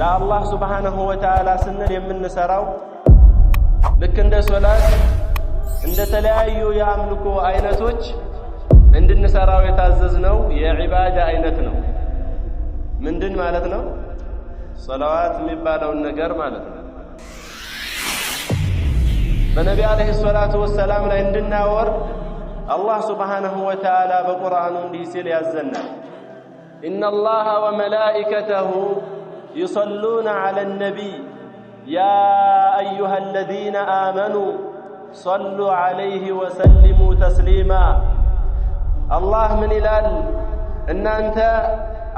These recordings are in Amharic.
ለአላህ ሱብሓነሁ ወተዓላ ስንል የምንሰራው ልክ እንደ ሶላት እንደ ተለያዩ የአምልኮ አይነቶች እንድንሰራው የታዘዝነው የዒባዳ አይነት ነው። ምንድን ማለት ነው? ሰላዋት የሚባለውን ነገር ማለት ነው። በነቢ አለይሂ ሰላቱ ወሰላም ላይ እንድናወርድ አላህ ሱብሓነሁ ወተዓላ በቁርአኑ እንዲህ ሲል ያዘናል። ኢነላሃ ወመላኢከተሁ يصلون على النبي يا ايها الذين امنوا صلوا عليه وسلموا تسليما الله من الان ان انت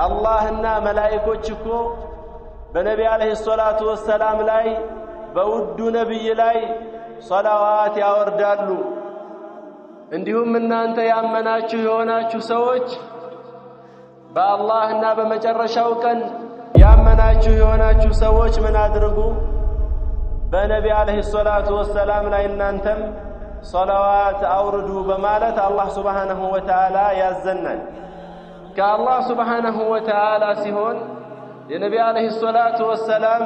الله انا ملائكتكو بنبي عليه الصلاه والسلام لاي በውዱ ነቢይ ላይ ሰላዋት ያወርዳሉ። እንዲሁም እናንተ ያመናችሁ የሆናችሁ ሰዎች በአላህና በመጨረሻው ቀን ያመናችሁ የሆናችሁ ሰዎች ምን አድርጉ? በነቢ አለይሂ ሰላቱ ወሰላም ላይ እናንተም ሰላዋት አውርዱ በማለት አላህ ሱብሓነሁ ወተዓላ ያዘናል። ከአላህ ሱብሓነሁ ወተዓላ ሲሆን የነቢ አለይሂ ሰላቱ ወሰላም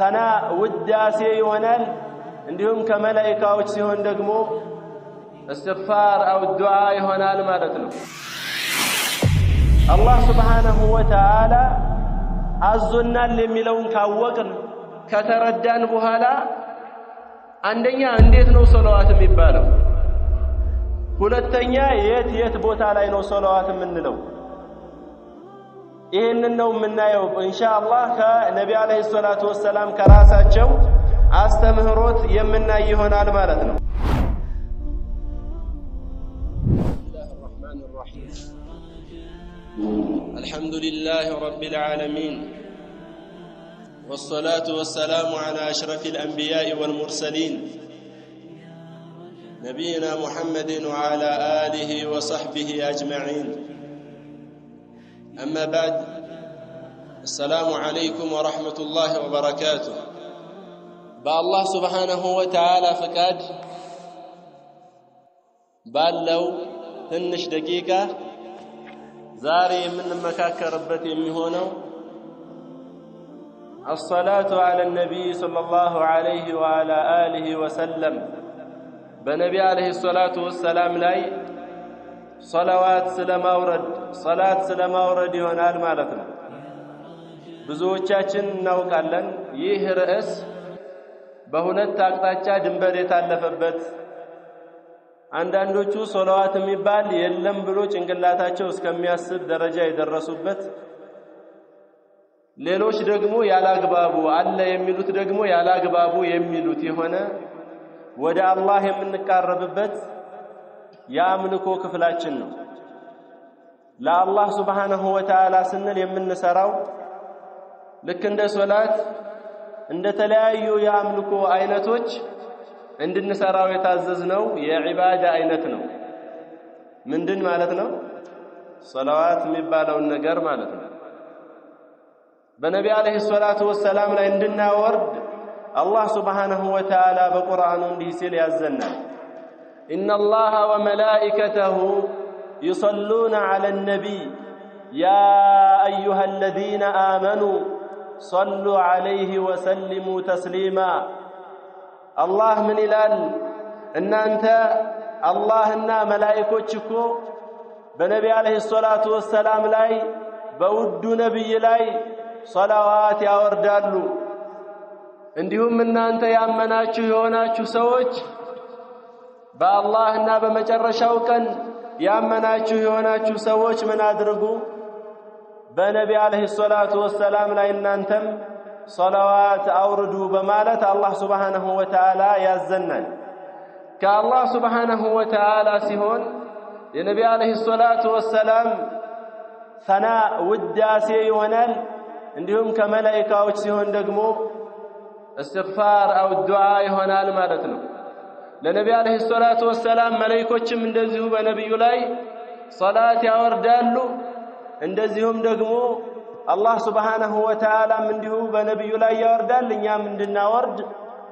ሰና ውዳሴ ይሆናል። እንዲሁም ከመላኢካዎች ሲሆን ደግሞ እስትግፋር አው ዱዓ ይሆናል ማለት ነው። አላህ ሱብሓነሁ ወተዓላ አዞናል የሚለውን ካወቅን ከተረዳን በኋላ አንደኛ እንዴት ነው ሶለዋት የሚባለው? ሁለተኛ የት የት ቦታ ላይ ነው ሰለዋት የምንለው? ይህንን ነው የምናየው ኢንሻአላህ ከነቢ አለይሂ ሰላቱ ወሰላም ከራሳቸው አስተምህሮት የምናይ ይሆናል ማለት ነው። بسم الله الرحمن الحمد لله رب العالمين والصلاة والسلام على أشرف الأنبياء والمرسلين نبينا محمد وعلى آله وصحبه أجمعين أما بعد السلام عليكم ورحمة الله وبركاته بالله سبحانه وتعالى فكاد بالله تنش دقيقة ዛሬ የምንመካከርበት የሚሆነው አሰላቱ አለ ነቢይ ሰለላሁ አለይህ ወአላ አሊህ ወሰለም በነቢ አለህ ሰላቱ ወሰላም ላይ ሰለዋት ስለማውረድ ሰላት ስለማውረድ ይሆናል ማለት ነው። ብዙዎቻችን እናውቃለን። ይህ ርዕስ በሁለት አቅጣጫ ድንበር የታለፈበት አንዳንዶቹ ሶላዋት የሚባል የለም ብሎ ጭንቅላታቸው እስከሚያስብ ደረጃ የደረሱበት፣ ሌሎች ደግሞ ያላግባቡ አለ የሚሉት ደግሞ ያላግባቡ የሚሉት የሆነ ወደ አላህ የምንቃረብበት የአምልኮ ክፍላችን ነው። ለአላህ ሱብሓነሁ ወተዓላ ስንል የምንሰራው ልክ እንደ ሶላት እንደ ተለያዩ የአምልኮ አይነቶች عندنا سراوي تعززنا يا عبادة أينتنا من دن مالتنا صلوات مبالا والنقر مالتنا بنبي عليه الصلاة والسلام عندنا ورد الله سبحانه وتعالى بقرآن ديسيل يزلنا إن الله وملائكته يصلون على النبي يا أيها الذين آمنوا صلوا عليه وسلموا تسليماً አላህ ምን ይላል? እናንተ አላህና መላእኮች እኮ በነቢ አለይሂ ሰላቱ ወሰላም ላይ በውዱ ነቢይ ላይ ሰላዋት ያወርዳሉ። እንዲሁም እናንተ ያመናችሁ የሆናችሁ ሰዎች በአላህና በመጨረሻው ቀን ያመናችሁ የሆናችሁ ሰዎች ምን አድርጉ? በነቢ አለይሂ ሰላቱ ወሰላም ላይ እናንተም ሰለዋት አውርዱ በማለት አላህ ሱብሓነሁ ወተዓላ ያዘናል። ከአላህ ሱብሃነሁ ወተዓላ ሲሆን የነቢ ዓለይሂ ሰላቱ ወሰላም ሰና ውዳሴ ይሆናል። እንዲሁም ከመላኢካዎች ሲሆን ደግሞ እስትግፋር አው ዱዓ ይሆናል ማለት ነው። ለነቢ ዓለይሂ ሰላቱ ወሰላም መላኢኮችም እንደዚሁ በነቢዩ ላይ ሰላት ያወርዳሉ። እንደዚሁም ደግሞ አላህ ስብሓነሁ ወተዓላም እንዲሁ በነቢዩ ላይ ያወርዳል፣ እኛም እንድናወርድ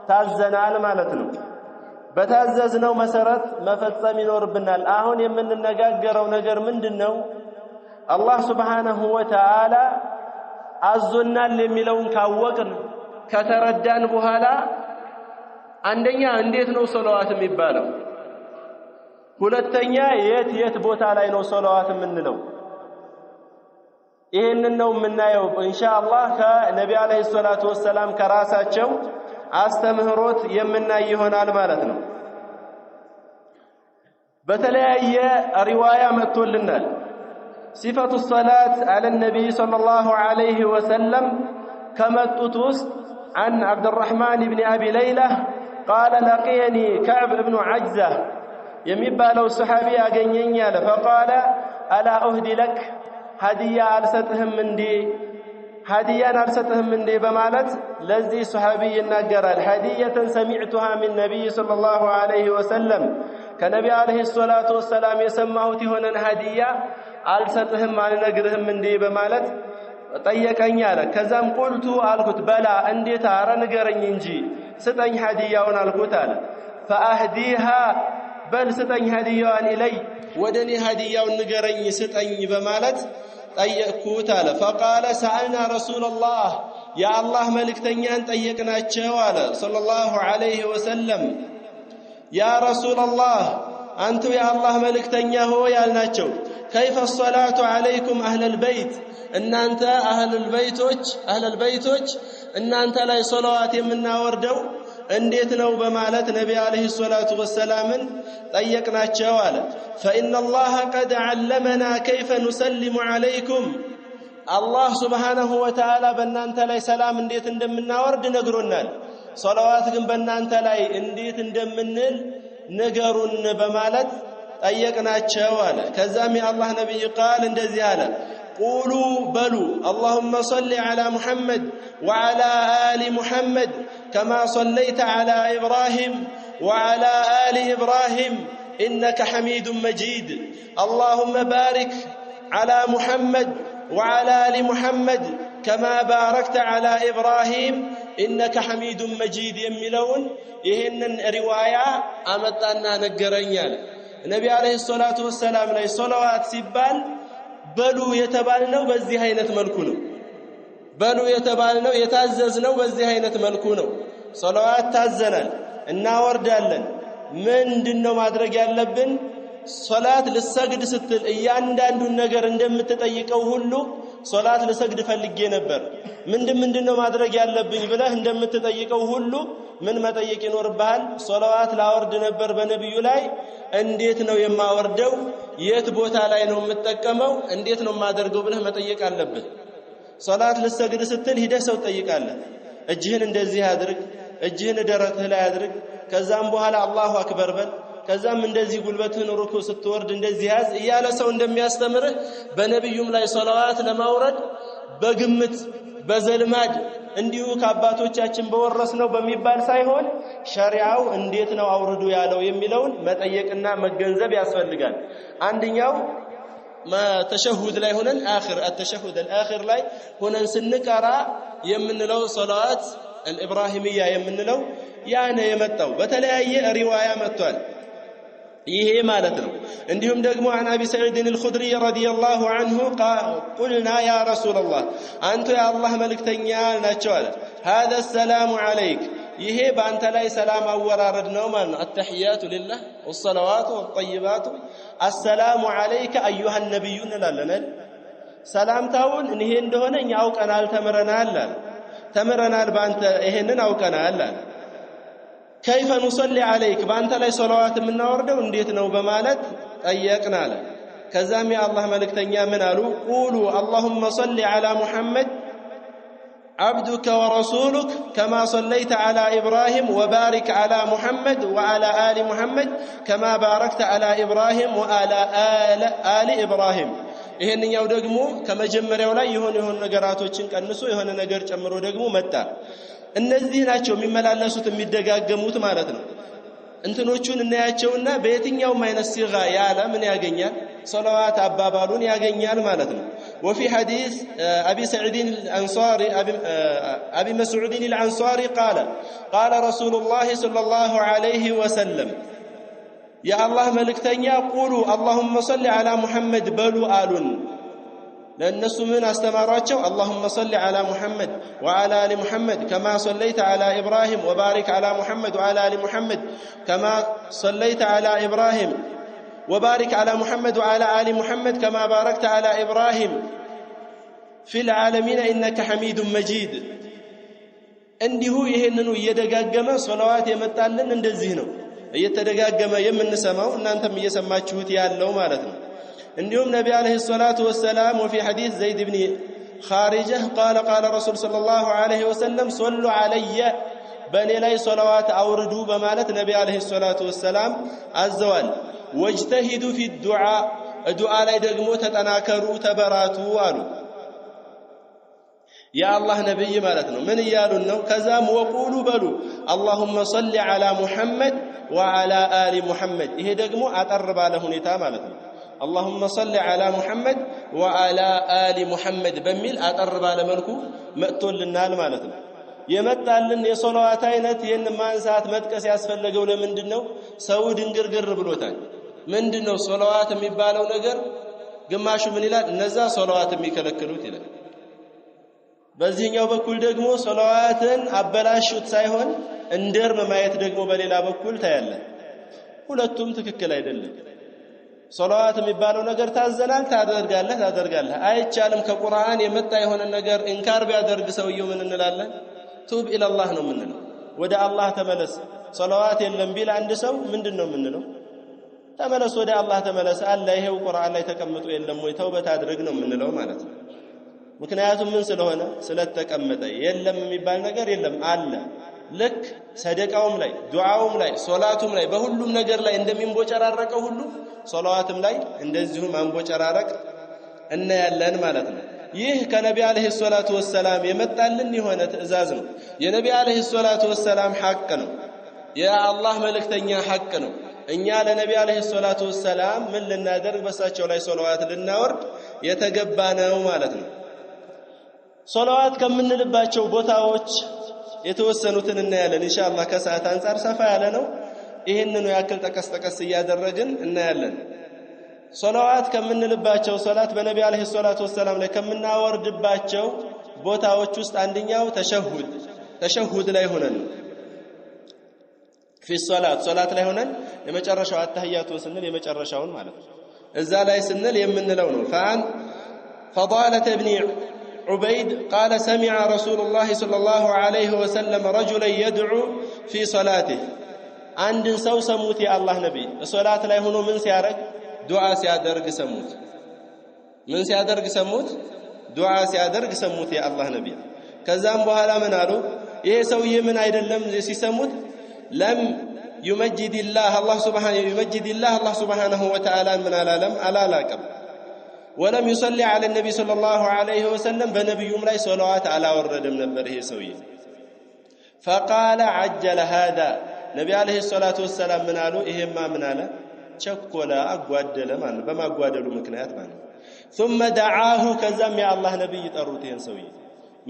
ታዘናል ማለት ነው። በታዘዝነው መሰረት መፈጸም ይኖርብናል። አሁን የምንነጋገረው ነገር ምንድን ነው? አላህ ስብሓነሁ ወተዓላ አዞናል የሚለውን ካወቅን ከተረዳን በኋላ አንደኛ እንዴት ነው ሰለዋት የሚባለው? ሁለተኛ የት የት ቦታ ላይ ነው ሰለዋት የምንለው? ይህንን ነው የምናየው ኢንሻአላህ ከነቢ አለይሂ ሰላቱ ወሰላም ከራሳቸው አስተምህሮት የምናይ ይሆናል ማለት ነው። በተለያየ ሪዋያ መጥቶልናል። ሲፈቱ ሰላት አለ ነቢይ ሰለላሁ ዐለይሂ ወሰለም ከመጡት ውስጥ አን አብዱራህማን ብን አቢ ለይላ ቃለ ለቅየኒ ከዕብ እብኑ ዐጅዛ የሚባለው ሰሓቢ ያገኘኝ አለ ፈቃለ አላ ኡህዲ ለክ ሀዲያ አልሰጥህም እንዴ ሀዲያን አልሰጥህም እንዴ በማለት ለዚህ ሰሐቢ ይናገራል። ሀዲየተን ሰሚዕቱሃ ሚን ነቢይ ሰለላሁ ዐለይሂ ወሰለም ከነቢ ዐለይሂ ሰላቱ ወሰላም የሰማሁት የሆነን ሀዲያ አልሰጥህም አልነግርህም እንዴ በማለት ጠየቀኝ አለ። ከዛም ቁልቱ አልኩት፣ በላ እንዴት፣ አረ ንገረኝ እንጂ ስጠኝ ሀዲያውን አልኩት አለ። ፈአህዲሃ በል ስጠኝ ሀዲያዋን ኢለይ ወደ እኔ ሀዲያውን ንገረኝ ስጠኝ በማለት ጠየቅ ኩት አለ ፈቃለ ሰአልና ረሱላላህ የአላህ መልእክተኛን ጠየቅናቸው አለ ሰለላሁ ዐለይሂ ወሰለም ያ ረሱላላህ አንቱ የአላህ መልእክተኛ ሆይ አልናቸው ከይፈ ሰላቱ ዐለይኩም አህለል በይት እናንተ አህለል በይቶች አህለል በይቶች እናንተ ላይ ሶላዋት የምናወርደው እንዴት ነው በማለት ነቢ አለይሂ ሰላቱ ወሰላምን ጠየቅናቸው አለ فإن الله قد علمنا كيف نسلم عليكم አላህ ሱብሓነሁ ወተዓላ በእናንተ ላይ ሰላም እንዴት እንደምናወርድ ነግሮናል። ሶላዋት ግን በእናንተ ላይ እንዴት እንደምንል ንገሩን በማለት ጠየቅናቸው አለ። ከዛም የአላህ ነቢይ ቃል እንደዚህ አለ قولوا بلوا اللهم صل على محمد وعلى آل محمد كما صليت على إبراهيم وعلى آل إبراهيم إنك حميد مجيد اللهم بارك على محمد وعلى آل محمد كما باركت على إبراهيم إنك حميد مجيد يملون إهن رواية أمتنا نقرن النبي عليه الصلاة والسلام لي صلوات سبان በሉ የተባልነው በዚህ አይነት መልኩ ነው። በሉ የተባልነው የታዘዝነው በዚህ አይነት መልኩ ነው። ሶላዋት ታዘናል፣ እናወርዳለን። ምንድን ነው ማድረግ ያለብን? ሶላት ልሰግድ ስትል እያንዳንዱን ነገር እንደምትጠይቀው ሁሉ ሶላት ልሰግድ ፈልጌ ነበር፣ ምንድን ምንድን ነው ማድረግ ያለብኝ ብለህ እንደምትጠይቀው ሁሉ ምን መጠየቅ ይኖርብሃል? ሶላዋት ላወርድ ነበር በነቢዩ ላይ፣ እንዴት ነው የማወርደው? የት ቦታ ላይ ነው የምጠቀመው? እንዴት ነው የማደርገው ብለህ መጠየቅ አለብህ። ሶላት ልሰግድ ስትል ሂደህ ሰው ትጠይቃለህ። እጅህን እንደዚህ አድርግ፣ እጅህን ደረትህ ላይ አድርግ፣ ከዛም በኋላ አላሁ አክበር በል ከዛም እንደዚህ ጉልበትን ሩኩ ስትወርድ እንደዚህ ያዝ እያለ ሰው እንደሚያስተምርህ በነቢዩም ላይ ሰላዋት ለማውረድ በግምት በዘልማድ እንዲሁ ከአባቶቻችን በወረስ ነው በሚባል ሳይሆን ሸሪዓው እንዴት ነው አውርዱ ያለው የሚለውን መጠየቅና መገንዘብ ያስፈልጋል። አንደኛው ተሸሁድ ላይ ሆነን አኺር አተሸሁድ አልአኺር ላይ ሆነን ስንቀራ የምንለው ሰላዋት አልኢብራሂምያ የምንለው ያነ የመጣው በተለያየ ሪዋያ መጥቷል። إيه مالتنا عندهم دقموا عن أبي سعيد الخدري رضي الله عنه قلنا يا رسول الله أنت يا الله ملك تنيال نتشوال هذا السلام عليك إيه بأنت لا سلام أورا ردنوما التحيات لله والصلوات والطيبات السلام عليك أيها النبي لنا سلام تاون إنه عندهن يعوق أنا التمرنا لنا تمرنا بأنت إيهنن أو كنا لنا كيف نصلي عليك بانت لا صلوات من ورده وانديت نو بمالت طيقنا له كزام يا الله ملكتنيا من قالوا قولوا اللهم صل على محمد عبدك ورسولك كما صليت على ابراهيم وبارك على محمد وعلى ال محمد كما باركت على ابراهيم وعلى ال ال ابراهيم ይሄንኛው ደግሞ ከመጀመሪያው ላይ የሆነ የሆነ ነገራቶችን ቀንሶ የሆነ ነገር ጨምሮ ደግሞ መጣ እነዚህ ናቸው የሚመላለሱት የሚደጋገሙት ማለት ነው እንትኖቹን እናያቸውና በየትኛውም አይነት ሲጋ ያለ ምን ያገኛል ሰለዋት አባባሉን ያገኛል ማለት ነው وفي حديث أبي سعيد الأنصاري أبي, أبي مسعود الأنصاري قال قال رسول الله صلى الله عليه وسلم يا الله ملكتني قولوا اللهم صل على محمد بلو آلون ለእነሱ ምን አስተማሯቸው? አላሁመ ሰሊ አላ ሙሐመድ ወአላ አሊ ሙሐመድ ከማ ሰለይተ አላ ኢብራሂም ወባሪክ አላ ሙሐመድ ወአላ አሊ ሙሐመድ ከማ ሰለይተ አላ ኢብራሂም وبارك على محمد وعلى ال محمد كما باركت على ابراهيم في العالمين انك حميد مجيد እንዲሁ ይሄንኑ እየደጋገመ ሶላዋት የመጣልን እንደዚህ ነው እየተደጋገመ የምንሰማው እናንተም እየሰማችሁት ያለው ማለት ነው النيوم نبي عليه الصلاة والسلام وفي حديث زيد بن خارجه قال قال رسول صلى الله عليه وسلم صلوا علي بني لي صلوات أوردوا بمالت نبي عليه الصلاة والسلام الزوال واجتهدوا في الدعاء دعاء لي دقمو تتناكروا تبراتوا والو يا الله نبي مالتنا من يالنا كذا وقولوا بلو اللهم صل على محمد وعلى آل محمد إيه دقمو أطرب على نتا مالتنا አላሁመ ሰሊ ዓላ ሙሐመድ ወዓላ አሊ ሙሐመድ በሚል አጠር ባለ መልኩ መጥቶልናል ማለት ነው። የመጣልን የሶላዋት አይነት ይህን ማንሳት መጥቀስ ያስፈለገው ለምንድን ነው? ሰው ድንግርግር ብሎታል። ምንድን ነው ሶላዋት የሚባለው ነገር? ግማሹ ምን ይላል? እነዛ ሶላዋት የሚከለክሉት ይላል። በዚህኛው በኩል ደግሞ ሶላዋትን አበላሹት ሳይሆን እንደርም ማየት ደግሞ በሌላ በኩል ታያለን። ሁለቱም ትክክል አይደለም። ሶላዋት የሚባለው ነገር ታዘናል፣ ታደርጋለህ ታደርጋለህ። አይቻልም ከቁርአን የመጣ የሆነ ነገር እንካር ቢያደርግ ሰውየው ምን እንላለን? ቱብ ኢለላህ ነው የምንለው። ወደ አላህ ተመለስ። ሶላዋት የለም ቢል አንድ ሰው ምንድን ነው የምንለው? ተመለስ፣ ወደ አላህ ተመለስ አለ። ይሄው ቁርአን ላይ ተቀምጦ የለም ወይ ተውበት አድርግ ነው የምንለው ማለት ነው። ምክንያቱም ምን ስለሆነ ስለተቀመጠ። የለም የሚባል ነገር የለም አለ ልክ ሰደቃውም ላይ ዱዓውም ላይ ሶላቱም ላይ በሁሉም ነገር ላይ እንደሚንቦጨራረቀው ሁሉ ሶላዋትም ላይ እንደዚሁም አንቦጨራረቅ እናያለን ማለት ነው። ይህ ከነቢ አለይሂ ሰላቱ ወሰላም የመጣልን የሆነ ትእዛዝ ነው። የነቢ አለይሂ ሰላቱ ወሰላም ሐቅ ነው። የአላህ መልእክተኛ ሐቅ ነው። እኛ ለነቢ አለይሂ ሰላቱ ወሰላም ምን ልናደርግ በሳቸው ላይ ሶላዋት ልናወርድ የተገባ ነው ማለት ነው። ሶላዋት ከምንልባቸው ቦታዎች የተወሰኑትን እናያለን ኢንሻአላህ ከሰዓት አንጻር ሰፋ ያለ ነው ይህንኑ ያክል ጠቀስ ጠቀስ እያደረግን እናያለን ሶላዋት ከምንልባቸው ሶላት በነቢ አለይሂ ሰላቱ ወሰላም ላይ ከምናወርድባቸው ቦታዎች ውስጥ አንደኛው ተሸሁድ ተሸሁድ ላይ ሆነን ፊ ሶላት ሶላት ላይ ሆነን የመጨረሻው አተህያቱ ስንል የመጨረሻውን ማለት ነው እዛ ላይ ስንል የምንለው ነው ፈአን فضالة ابن عبيد قال سمع رسول الله صلى الله عليه وسلم رجلا يدعو في صلاته عند سو سموت يا الله نبي الصلاة لا يهون من سيارك دعاء سيادرق سموت من سيادرق سموت دعاء سيادرق سموت يا الله نبي كزام بوهلا منارو ايه سو يمن ايد لم سموت لم يمجد الله الله سبحانه يمجد الله الله سبحانه وتعالى من الالم على لاكم لا ولم يصلي على النبي صلى الله عليه وسلم فنبيهم لا صلوات على ورد من البره سوية فقال عجل هذا نبي عليه الصلاة والسلام من قالوا إهما من قال شكولا أقواد لمن بما أقواد لمكنات من ثم دعاه كزم يا الله نبي يتأروتين سوية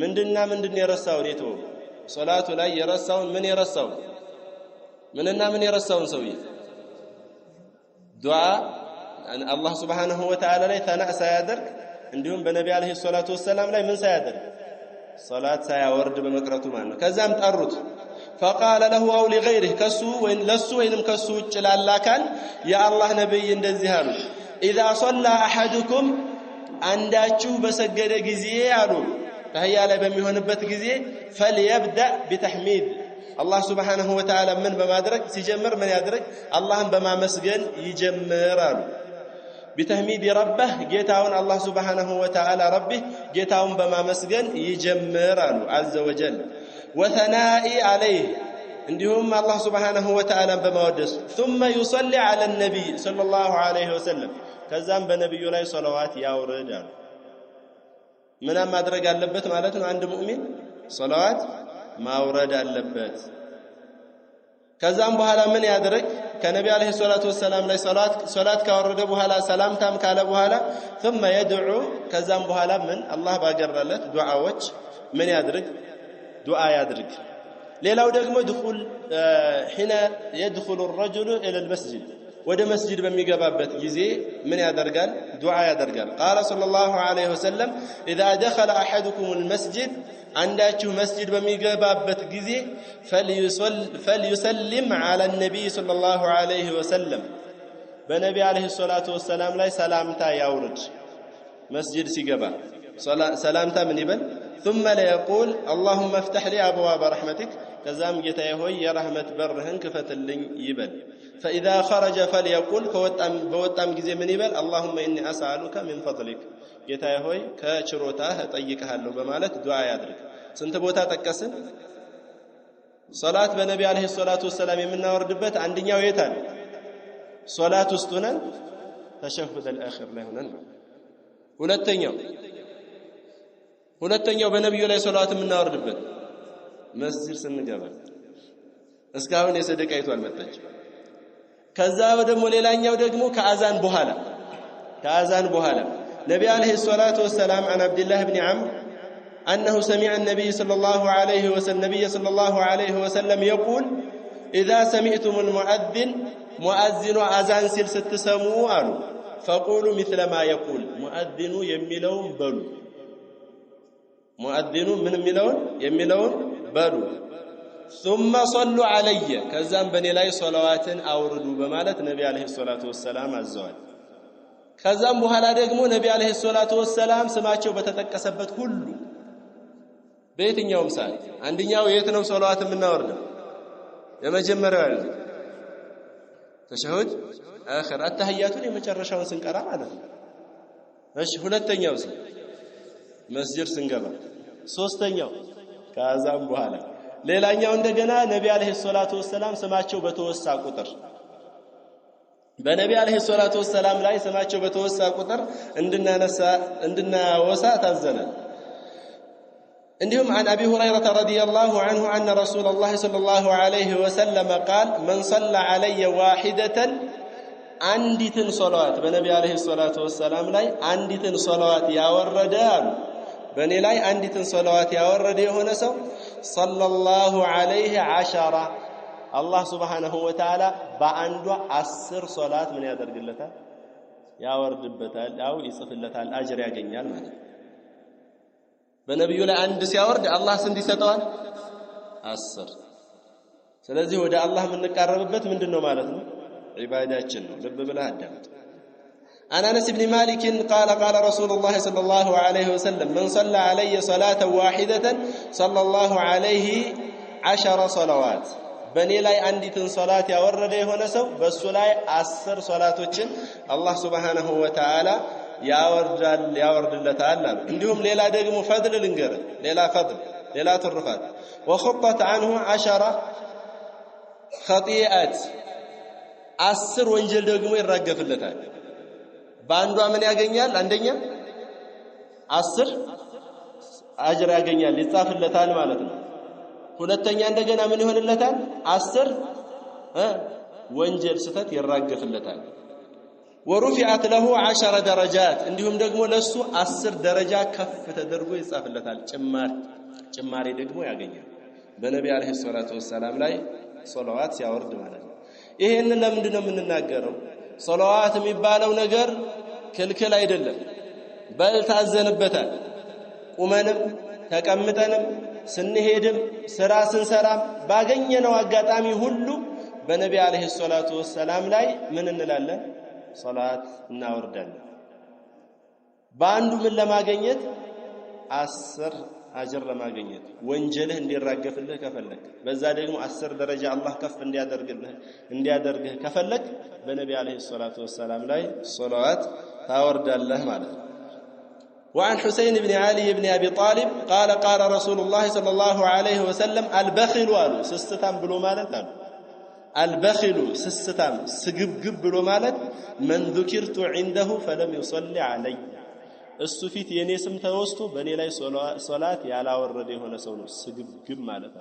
من دنا من دنيا رسول يتو صلاة لا يرسون من يرسون من دنا من يرسون سوية دعاء አላህ ስብሓንሁ ወተዓላ ላይ ተናእ ሳያደርግ እንዲሁም በነቢ አለህ ሰላቱ ወሰላም ላይ ምን ሳያደርግ ሰላት ሳያወርድ በመቅረቱ ማለት ነው። ከዛም ጠሩት ፈቃለ ለሁ አው ሊገይሪህ ከሱ ወይም ለሱ ወይንም ከሱ ውጭ ላለ አካል የአላህ ነብይ እንደዚህ አሉት፣ ኢዛ ሶላ አሐዱኩም አንዳችሁ በሰገደ ጊዜ አሉ ተህያ ላይ በሚሆንበት ጊዜ ፈልየብዳ ቢተሕሚድ አላህ ስብሓንሁ ወተዓላ ምን በማድረግ ሲጀምር ምን ያድርግ? አላህን በማመስገን ይጀምር አሉ። بتهميد ربه جيتاون الله سبحانه وتعالى ربه جيتاون بما مسجن يجمر عز وجل وثنائي عليه عندهم الله سبحانه وتعالى بما ودس ثم يصلي على النبي صلى الله عليه وسلم كزام بنبي لا صلوات يا ورجال من ما درج اللبت مالتنا عند مؤمن صلوات ما ورد اللبت كذا بهذا من يدرك ከነቢ አለይሂ ሰላቱ ወሰላም ላይ ሶላት ሶላት ካወረደ በኋላ ሰላምታም ካለ በኋላ ثم يدعو ከዛም በኋላ ምን አላህ ባገራለት ዱዓዎች ምን ያድርግ ዱዓ ያድርግ ሌላው ደግሞ ድኹል حين يدخل الرجل الى المسجد ወደ መስጂድ በሚገባበት ጊዜ ምን ያደርጋል? ዱዓ ያደርጋል። ቃለ ሰለላሁ ዐለይሂ ወሰለም ኢዛ ደኸለ አሐዱኩሙል መስጂድ አንዳችሁ መስጂድ በሚገባበት ጊዜ ፈልዩሰልም ዐለ ነቢይ ሰለላሁ ዐለይሂ ወሰለም በነቢ ዐለይሂ ሰላቱ ወሰላም ላይ ሰላምታ ያውርድ። መስጂድ ሲገባ ሰላምታ ምን ይበል? ثم ليقول اللهم افتح لي أبواب رحمتك كزام جتاي هوي يا رحمة برهن كفتلن يبل ፈኢዛ ኸረጀ ፈልየቁል በወጣም ጊዜ ምን ይበል? አላሁመ ኢኒ አስአሉከ ሚን ፈድሊክ ጌታዬ ሆይ ከችሮታህ እጠይቅሃለሁ በማለት ዱዓ ያድርግ። ስንት ቦታ ጠቀስን? ሶላት በነቢ አለይሂ ሰላቱ ወሰላም የምናወርድበት አንደኛው የት አለ? ሶላት ውስጥ ሆነን ተሸሁደል አኺር ላይ ሆነን ማለት ሁለተኛው ሁለተኛው በነቢዩ ላይ ሶላት የምናወርድበት መስጂድ ስንገባ። እስካሁን የሰደቃይቱ አልመጣችም። ከዛ ደግሞ ሌላኛው ደግሞ ከአዛን በኋላ ከአዛን በኋላ نبي عليه الصلاة والسلام عن عبد الله بن عم أنه سمع النبي صلى الله عليه وسلم النبي صلى الله عليه وسلم يقول إذا سمعتم المؤذن مؤذن أزان سلسة ستسموا قالوا فقولوا مثل ما يقول مؤذن يميلون بلو مؤذن من يميلون يميلون بلو ሱመ صلوا አለየ ከዛም በእኔ ላይ ሶላዋትን አውርዱ በማለት ነቢ አለይሂ ሰላቱ ወሰላም አዘዋል። ከዛም በኋላ ደግሞ ነቢ አለይሂ ሰላቱ ወሰላም ስማቸው በተጠቀሰበት ሁሉ በየትኛውም ሰዓት አንደኛው የት ነው ሶላዋት የምናወርደው? የመጀመሪያው ያለ ተሸሁድ አኺር አተህያቱን የመጨረሻውን ስንቀራ ማለት ነው። እሺ ሁለተኛው መስጂድ ስንገባ፣ ሶስተኛው ከአዛን በኋላ ሌላኛው እንደገና ነቢ አለይሂ ሰላቱ ወሰላም ስማቸው በተወሳ ቁጥር በነቢ አለይሂ ሰላቱ ወሰላም ላይ ስማቸው በተወሳ ቁጥር እንድናነሳ እንድናወሳ ታዘነ። እንዲሁም አን አቢ ሁረይረተ رضي አንሁ አነ أن رسول الله صلى الله عليه وسلم قال من አንዲትን ሶላዋት በነቢ አለይሂ ሰላቱ ወሰላም ላይ አንዲትን ሶላዋት ያወረደ አሉ። በእኔ ላይ አንዲትን ሶላዋት ያወረደ የሆነ ሰው صلى الله عليه عشرة الله سبحانه وتعالى بعنده عصر صلاة من يدر قلتها يا ورد بتال أو يصف لتها الأجر يا جنيال مانا بنبي يولا أندس يا ورد الله سندي ستوان عصر سلزي هو الله من نقرب بيت من دنو مالتنا عبادات جنو لب بلا هدامت عن انس بن مالك قال قال رسول الله صلى الله عليه وسلم من صلى علي صلاة واحدة صلى الله عليه عشر صلوات بني لاي عندي تن صلاة يورد هنا سو بس لاي عصر صلاة وچن الله سبحانه وتعالى يا ورد يورد يورد لتعالى عندهم ليلا دقم فضل لنقر ليلا فضل ليلة الرفات وخطت عنه عشر خطيئات عصر وانجل دقم يرقف لتعالى በአንዷ ምን ያገኛል? አንደኛ አስር አጅር ያገኛል፣ ይጻፍለታል ማለት ነው። ሁለተኛ እንደገና ምን ይሆንለታል? አስር ወንጀል ስተት ይራገፍለታል። ወሩፊዓት ለሁ ዓሸረ ደረጃት እንዲሁም ደግሞ ለሱ አስር ደረጃ ከፍ ተደርጎ ይጻፍለታል። ጭማሪ ደግሞ ያገኛል። በነቢ አለይሂ ሰላቱ ወሰላም ላይ ሶላዋት ሲያወርድ ማለት ነው። ይሄንን ለምንድን ነው የምንናገረው? ሶላዋት የሚባለው ነገር ክልክል አይደለም፣ በል ታዘንበታል። ቁመንም ተቀምጠንም ስንሄድም ስራ ስንሰራም ባገኘነው አጋጣሚ ሁሉ በነቢ አለይሂ ሰላቱ ወሰላም ላይ ምን እንላለን? ሶላት እናወርዳለን። በአንዱ ምን ለማገኘት አስር አጅር ለማገኘት ወንጀልህ እንዲራገፍልህ ከፈለግ በዛ ደግሞ አስር ደረጃ አላህ ከፍ እንዲያደርግልህ እንዲያደርግህ ከፈለግ? በነቢ አለይሂ ሰላቱ ወሰላም ላይ ሶላት تاورد الله ماله وعن حسين بن علي بن أبي طالب قال قال رسول الله صلى الله عليه وسلم البخل والو سستان بلو مالت البخل سستان سقب بلو مالت من ذكرت عنده فلم يصلي علي السفيت ينسم سمت بني لاي صلاة يا لا هنا سونو سقب قب مالت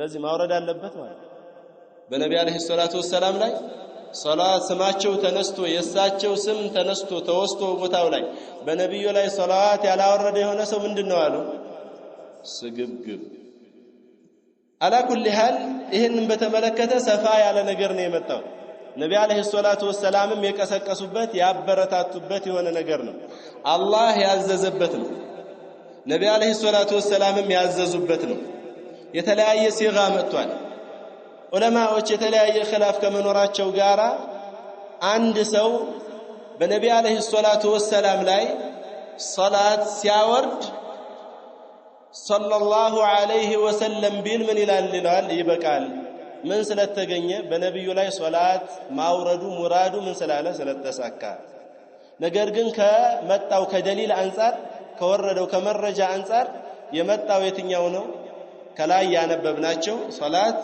لازم ما ورد اللبت مالت بنبي عليه الصلاة والسلام لاي ሶላት ስማቸው ተነስቶ የእሳቸው ስም ተነስቶ ተወስቶ ቦታው ላይ በነቢዩ ላይ ሶላት ያላወረደ የሆነ ሰው ምንድን ነው አሉ? ስግብግብ። ኩል ሃል ይህንን በተመለከተ ሰፋ ያለ ነገር ነው የመጣው። ነቢ አለይሂ ሰላቱ ወሰላምም የቀሰቀሱበት ያበረታቱበት የሆነ ነገር ነው። አላህ ያዘዘበት ነው። ነቢ አለይሂ ሰላቱ ወሰላምም ያዘዙበት ነው። የተለያየ ሲጋ መጥቷል። ዑለማዎች የተለያየ ኺላፍ ከመኖራቸው ጋር አንድ ሰው በነቢይ አለይሂ ሰላቱ ወሰላም ላይ ሰላት ሲያወርድ ሰለላሁ ዐለይሂ ወሰለም ቢል ምን ይላል ይለዋል ይበቃል ምን ስለተገኘ በነቢዩ ላይ ሶላት ማውረዱ ሙራዱ ምን ስላለ ስለተሳካ ነገር ግን ከመጣው ከደሊል አንጻር ከወረደው ከመረጃ አንጻር የመጣው የትኛው ነው ከላይ ያነበብናቸው ሶላት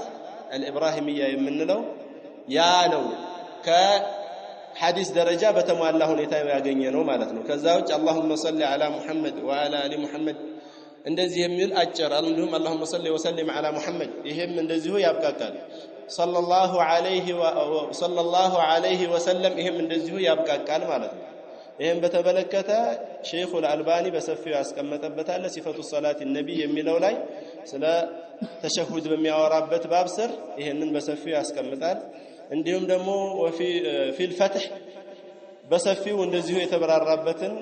الابراهيميه يمنلو يا له ك حديث درجه بتمو الله هنيتا ياغني نو معناتنو كذا وجه اللهم صل على محمد وعلى ال محمد እንደዚህ የሚል አጭር አንዱም اللهم صل وسلم على محمد ይሄም እንደዚሁ ያብቃቃል صلى الله عليه و صلى الله عليه وسلم ይሄም እንደዚሁ ያብቃቃል ማለት ነው ይህም በተመለከተ ሼኹል አልባኒ በሰፊው ያስቀመጠበታለ ሲፈቱ ሰላት ነቢ የሚለው ላይ ስለ ተሸሁድ በሚያወራበት ባብ ስር ይህንን በሰፊው ያስቀምጣል። እንዲሁም ደግሞ ፊል ፈትሕ በሰፊው እንደዚሁ የተበራራበትን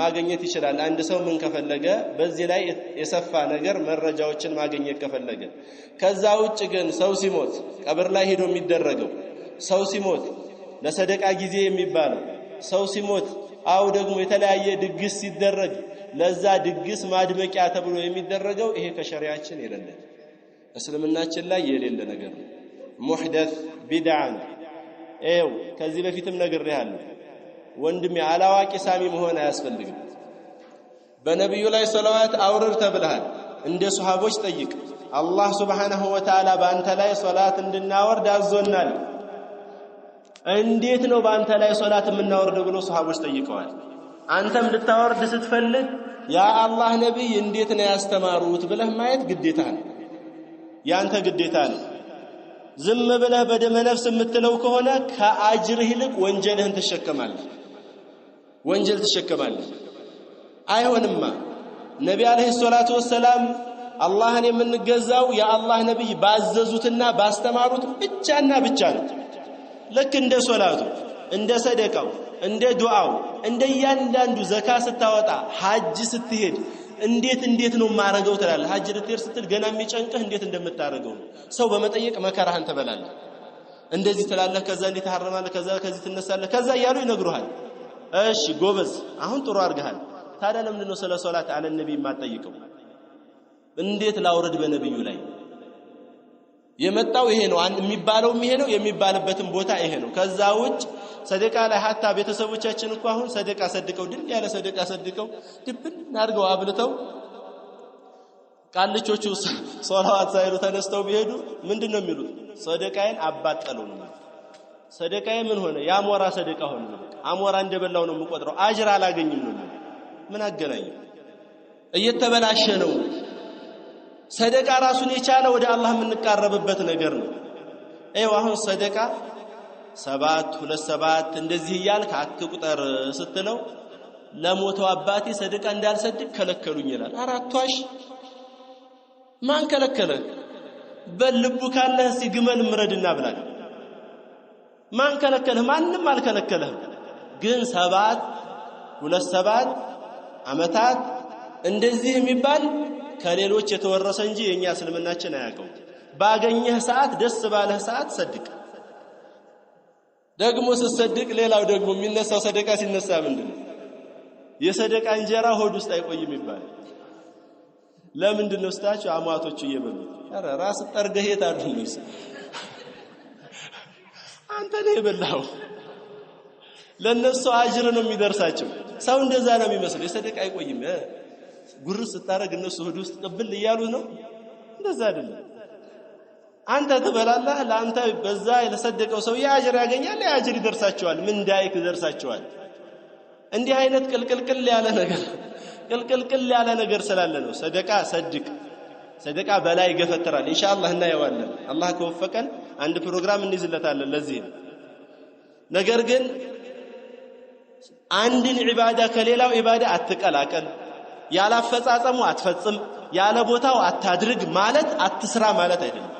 ማግኘት ይችላል። አንድ ሰው ምን ከፈለገ በዚህ ላይ የሰፋ ነገር መረጃዎችን ማግኘት ከፈለገ። ከዛ ውጭ ግን ሰው ሲሞት ቀብር ላይ ሄዶ የሚደረገው ሰው ሲሞት ለሰደቃ ጊዜ የሚባለው ሰው ሲሞት አው ደግሞ የተለያየ ድግስ ሲደረግ ለዛ ድግስ ማድመቂያ ተብሎ የሚደረገው ይሄ ከሸሪያችን የሌለ እስልምናችን ላይ የሌለ ነገር ነው። ሙሕደት ቢድዓ ይኸው ከዚህ በፊትም ነገር ነግሬሃለሁ ወንድሜ፣ አላዋቂ ሳሚ መሆን አያስፈልግም። በነቢዩ ላይ ሰላዋት አውርድ ተብልሃል። እንደ ሱሐቦች ጠይቅ። አላህ ሱብሓነሁ ወተዓላ በአንተ ላይ ሰላት እንድናወርድ አዞናል። እንዴት ነው በአንተ ላይ ሶላት የምናወርደው ብሎ ሰሃቦች ጠይቀዋል። አንተም ልታወርድ ስትፈልግ ያ አላህ ነቢይ እንዴት ነው ያስተማሩት ብለህ ማየት ግዴታ ነው፣ ያንተ ግዴታ ነው። ዝም ብለህ በደመ ነፍስ የምትለው ከሆነ ከአጅርህ ይልቅ ወንጀልህን ትሸከማለህ፣ ወንጀል ትሸከማለህ። አይሆንማ። ነቢ አለይሂ ሰላቱ ወሰላም አላህን የምንገዛው የአላህ ነቢይ ባዘዙትና ባስተማሩት ብቻና ብቻ ነው። ልክ እንደ ሶላቱ እንደ ሰደቃው እንደ ዱዓው እንደ እያንዳንዱ ዘካ ስታወጣ ሀጅ ስትሄድ እንዴት እንዴት ነው ማረገው ትላለህ። ሐጅ ልትሄድ ስትል ገና የሚጨንቅህ እንዴት እንደምታረገው ነው። ሰው በመጠየቅ መከራህን ትበላለህ። እንደዚህ ትላለህ፣ ከዛ እንዴት ታረማለህ፣ ከዛ ከዚህ ትነሳለህ፣ ከዛ እያሉ ይነግሩሃል። እሺ ጎበዝ፣ አሁን ጥሩ አድርገሃል። ታዲያ ለምንድን ነው ስለ ሶላት አለ ነብይ የማትጠይቀው እንዴት ላውረድ በነብዩ ላይ የመጣው ይሄ ነው የሚባለውም ይሄ ነው የሚባልበትም ቦታ ይሄ ነው። ከዛ ውጭ ሰደቃ ላይ ሀታ ቤተሰቦቻችን እኮ አሁን ሰደቃ ሰድቀው ድል ያለ ሰደቃ ሰድቀው ድብን አድርገው አብልተው ቃልቾቹ ሶላዋት ሳይሉ ተነስተው ቢሄዱ ምንድን ነው የሚሉት? ሰደቃዬን አባጠለው ሰደቃዬ ምን ሆነ? የአሞራ ሰደቃ ሆነ። አሞራ እንደበላው ነው የምቆጥረው፣ አጅር አላገኝም ነው። ምን አገናኘው? እየተበላሸ ነው ሰደቃ ራሱን የቻለ ወደ አላህ የምንቃረብበት ነገር ነው ይው አሁን ሰደቃ ሰባት ሁለት ሰባት እንደዚህ እያልክ አትቁጠር ስትለው ለሞተው አባቴ ሰደቃ እንዳልሰድግ ከለከሉኝ ይላል አራቷሽ ማን ከለከለ በልቡ ካለህ እስቲ ግመል ምረድና ብላል ማን ከለከለህ ማንም አልከለከለህም ግን ሰባት ሁለት ሰባት አመታት እንደዚህ የሚባል ከሌሎች የተወረሰ እንጂ የእኛ እስልምናችን አያውቀው። ባገኘህ ሰዓት፣ ደስ ባለህ ሰዓት ሰድቅ። ደግሞ ስትሰድቅ ሌላው ደግሞ የሚነሳው ሰደቃ ሲነሳ ምንድን የሰደቃ እንጀራ ሆድ ውስጥ አይቆይም ይባላል። ለምንድን ነው ስታችሁ? አሟቶቹ እየበሉ ኧረ ራስ ጠርገህ የት አንተ ነህ የበላው። ለነሱ አጅር ነው የሚደርሳቸው። ሰው እንደዛ ነው የሚመስለው። የሰደቃ አይቆይም። ጉር ስታረግ እነሱ ሆድ ውስጥ ቅብል እያሉት ነው። እንደዛ አይደለም። አንተ ትበላለህ። ለአንተ በዛ የተሰደቀው ሰውዬ አጅር ያገኛል። አጅር ይደርሳቸዋል፣ ምንዳይክ ይደርሳቸዋል። እንዲህ አይነት ቅልቅልቅል ያለ ነገር ቅልቅልቅል ያለ ነገር ስላለ ነው። ሰደቃ ሰድቅ ሰደቃ በላይ ገፈትራል። ኢንሻአላህ እናየዋለን። አላህ ከወፈቀን አንድ ፕሮግራም እንይዝለታለን። ለዚህ ነገር ግን አንድን ዒባዳ ከሌላው ዒባዳ አትቀላቀል። ያላፈጻጸሙ አትፈጽም፣ ያለ ቦታው አታድርግ ማለት አትስራ ማለት አይደለም።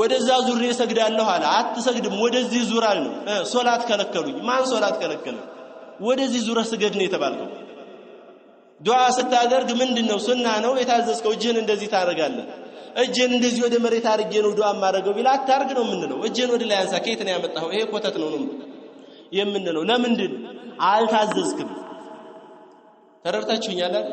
ወደዛ ዙሬ እሰግዳለሁ አለ። አትሰግድም፣ ወደዚህ ዙር አልነው። ሶላት ከለከሉኝ። ማን ሶላት ከለከለ? ወደዚህ ዙረ ስገድ ነው የተባልከው። ዱዓ ስታደርግ ምንድን ነው? ሱና ነው የታዘዝከው። እጅህን እንደዚህ ታደርጋለህ። እጅን እንደዚህ ወደ መሬት አድርጌ ነው ዱዓ የማደርገው ቢላ አታርግ ነው የምንለው። እጅን ወደ ላይ አንሳ፣ ከየት ነው ያመጣኸው? ይሄ ኮተት ነው ነው የምንለው። ለምንድን አልታዘዝክም? ተረድታችሁኛል አይደል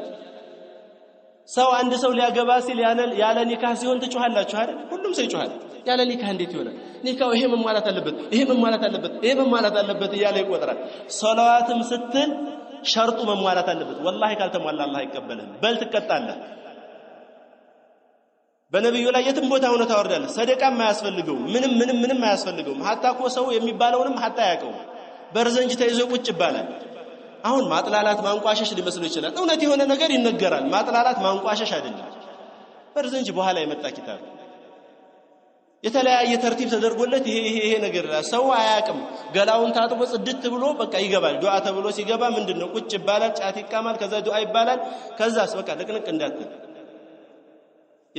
ሰው አንድ ሰው ሊያገባ ሲል ያለ ኒካህ ሲሆን ትጮሃላችሁ አይደል ሁሉም ሰው ይጮሃል ያለ ኒካህ እንዴት ይሆናል ኒካው ይሄ መሟላት አለበት ይሄ መሟላት አለበት ይሄ መሟላት አለበት እያለ ይቆጥራል ሰላዋትም ስትል ሸርጡ መሟላት አለበት ወላሂ ካልተሟላ አላህ አይቀበልህም በል ትቀጣለህ በነብዩ ላይ የትም ቦታ ሆነ ታወርዳለህ ሰደቃም አያስፈልገውም ምንም ምንም ምንም አያስፈልገውም ሀታ እኮ ሰው የሚባለውንም ሀታ አያውቀውም በርዘንጅ ተይዞ ቁጭ ይባላል አሁን ማጥላላት ማንቋሸሽ ሊመስሉ ይችላል። እውነት የሆነ ነገር ይነገራል። ማጥላላት ማንቋሸሽ አይደለም። ፈርዝ እንጂ በኋላ የመጣ ኪታብ የተለያየ ተርቲብ ተደርጎለት ይሄ ይሄ ይሄ ነገር ሰው አያቅም። ገላውን ታጥቦ ጽድት ብሎ በቃ ይገባል። ዱዓ ተብሎ ሲገባ ምንድን ነው ቁጭ ይባላል፣ ጫት ይቃማል፣ ከዛ ዱዓ ይባላል። ከዛስ በቃ ልቅንቅ እንዳት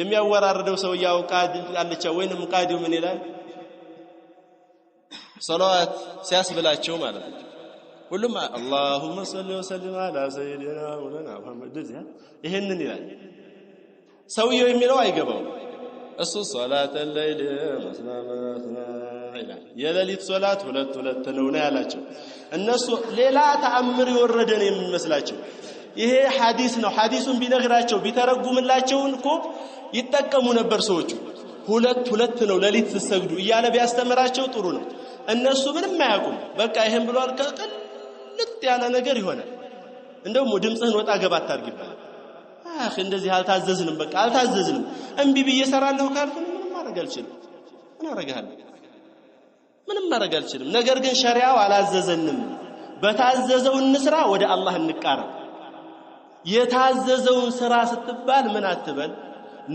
የሚያወራርደው ሰው ያው ቃድ አለቻ ወይንም ቃዲው ምን ይላል ሰለዋት ሲያስብላቸው ማለት ነው ሁሉም አላሁመ ሰሊ ወሰሊም አላ ሰይድና ሙለና ሙሐመድ ይሄንን ይላል። ሰውየው የሚለው አይገባውም። እሱ ሶላተ ለይል መስና መስና የሌሊት ሶላት ሁለት ሁለት ነው ነው ያላቸው። እነሱ ሌላ ተአምር የወረደ ነው የሚመስላቸው። ይሄ ሐዲስ ነው። ሐዲሱን ቢነግራቸው ቢተረጉምላቸው እኮ ይጠቀሙ ነበር ሰዎቹ። ሁለት ሁለት ነው ሌሊት ስትሰግዱ እያለ ቢያስተምራቸው ጥሩ ነው። እነሱ ምንም አያውቁም። በቃ ይሄን ብሏል ከቀል ያለ ነገር ይሆናል። እንደውም ድምፅህን ወጣ ገባ አታርግበት። አህ እንደዚህ አልታዘዝንም፣ በቃ አልታዘዝንም። እምቢ ብዬ እሰራለሁ ምንም ማድረግ አልችልም። ምን ምንም ማድረግ አልችልም። ነገር ግን ሸሪያው አላዘዘንም። በታዘዘው እንስራ፣ ወደ አላህ እንቃረብ። የታዘዘውን ስራ ስትባል ምን አትበል፣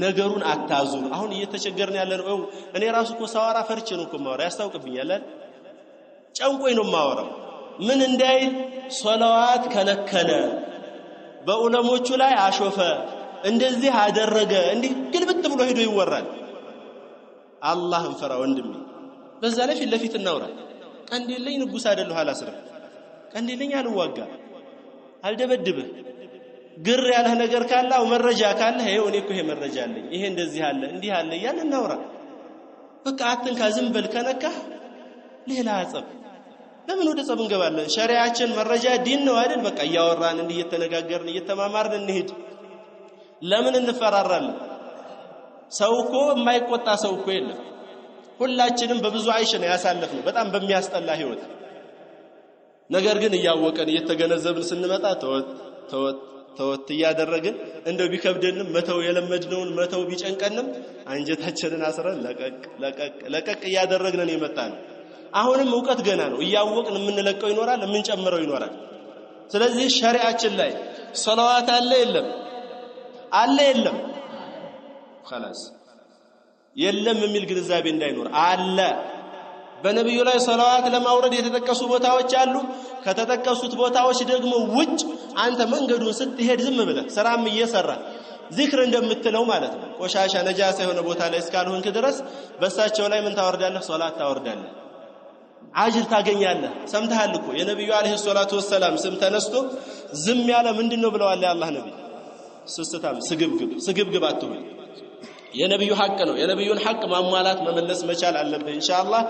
ነገሩን አታዙር። አሁን እየተቸገርን ያለን እኔ ራሱ እኮ ሳዋራ ፈርቼ ነው እኮ ማወራ፣ ያስታውቅብኛል። ጨንቆኝ ነው ማወራው ምን እንዳይል ሶለዋት ከለከለ፣ በዑለሞቹ ላይ አሾፈ፣ እንደዚህ አደረገ፣ እንዲህ ግልብጥ ብሎ ሄዶ ይወራል። አላህን ፈራ ወንድሜ። በዛ ላይ ፊት ለፊት እናውራል። ቀንዴለኝ ንጉሥ አይደለሁ አላስርም። ቀንዴለኝ አልዋጋ፣ አልደበድብህ። ግር ያለህ ነገር ካለ አው መረጃ ካለ ይኸው እኔ እኮ ይሄ መረጃ አለኝ፣ ይሄ እንደዚህ አለ፣ እንዲህ አለ እያለ እናውራ። በቃ አትንካ፣ ዝም በል። ከነካህ ሌላ አጸብ ለምን ወደ ጸብ እንገባለን? ሸሪያችን መረጃ ዲን ነው አይደል? በቃ እያወራን እንዲህ እየተነጋገርን እየተማማርን እንሄድ። ለምን እንፈራራለን? ሰው እኮ የማይቆጣ ሰው እኮ የለም። ሁላችንም በብዙ አይሽ ነው ያሳለፍነው፣ በጣም በሚያስጠላ ህይወት። ነገር ግን እያወቀን እየተገነዘብን ስንመጣ ተወት ተወት ተወት እያደረግን እንደው ቢከብደንም መተው የለመድነውን መተው ቢጨንቀንም አንጀታችንን አስረን ለቀቅ ለቀቅ ለቀቅ እያደረግን የመጣ ነው። አሁንም እውቀት ገና ነው። እያወቅን የምንለቀው ይኖራል፣ የምንጨምረው ይኖራል። ስለዚህ ሸሪዓችን ላይ ሰለዋት አለ የለም አለ የለም ኸላስ የለም የሚል ግንዛቤ እንዳይኖር አለ። በነቢዩ ላይ ሰለዋት ለማውረድ የተጠቀሱ ቦታዎች አሉ። ከተጠቀሱት ቦታዎች ደግሞ ውጭ አንተ መንገዱን ስትሄድ ዝም ብለህ ስራም እየሰራ ዚክር እንደምትለው ማለት ነው። ቆሻሻ ነጃሳ የሆነ ቦታ ላይ እስካልሆንክ ድረስ በእሳቸው ላይ ምን ታወርዳለህ? ሶላት ታወርዳለህ። አጅር ታገኛለህ። ሰምተሃል እኮ የነቢዩ አለይሂ ሰላቱ ወሰላም ስም ተነስቶ ዝም ያለ ምንድን ነው ብለዋል የአላህ ነብይ ስስታም፣ ስግብግብ፣ ስግብግብ አትሁን። የነቢዩ ሐቅ ነው። የነቢዩን ሐቅ ማሟላት መመለስ መቻል አለብህ። ኢንሻአላህ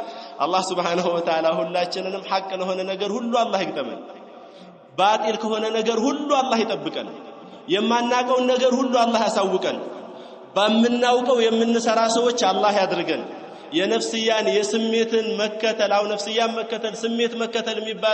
አላህ ሱብሓነሁ ወተዓላ ሁላችንንም ሐቅ ለሆነ ነገር ሁሉ አላህ ይግጠመን። ባጢል ከሆነ ነገር ሁሉ አላህ ይጠብቀን። የማናቀውን ነገር ሁሉ አላህ ያሳውቀን። በምናውቀው የምንሰራ ሰዎች አላህ ያድርገን። የነፍስያን የስሜትን መከተል አሁን ነፍስያን መከተል ስሜት መከተል የሚባል